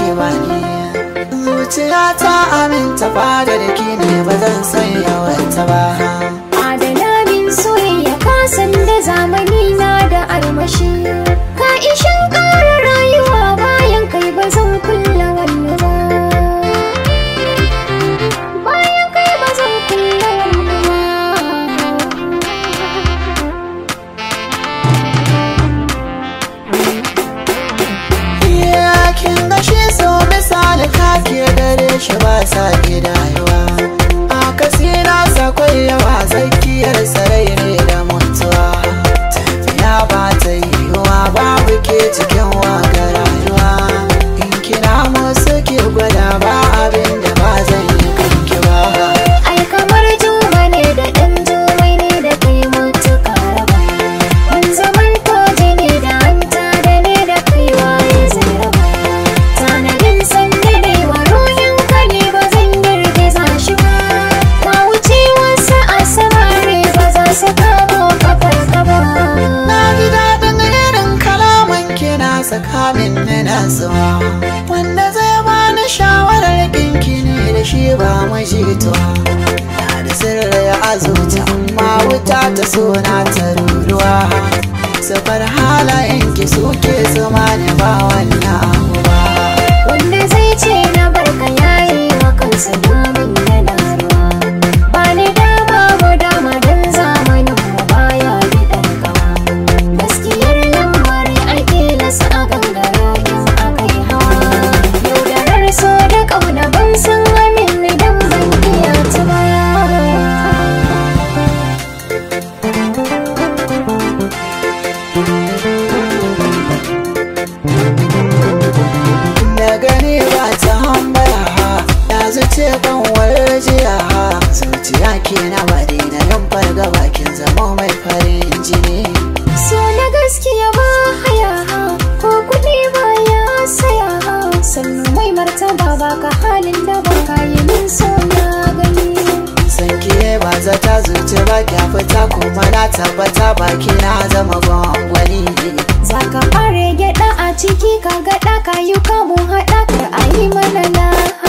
ki bani zuciya ta aminta fada da ki ne ba zan sanya wata ba shi ba sa yawa a kasina sakwai yawa tsakiyar sarai ne da mutuwa tafiya ba ta yiwuwa babu ke cikin min na wanda zai bani shawarar kinki ne da shi ba mashituwa na da sirri a zuciya amma wuta ta suna ta ruruwa safar halayen ki suke zama ne ba wani baka halin da baka yi min so na gani san kiye ba zata zuci ba kya fita kuma na tabbata baki na zama gwangwani ka fara gyada a ciki ka ga daka yi kamun haɗa ka a yi mana na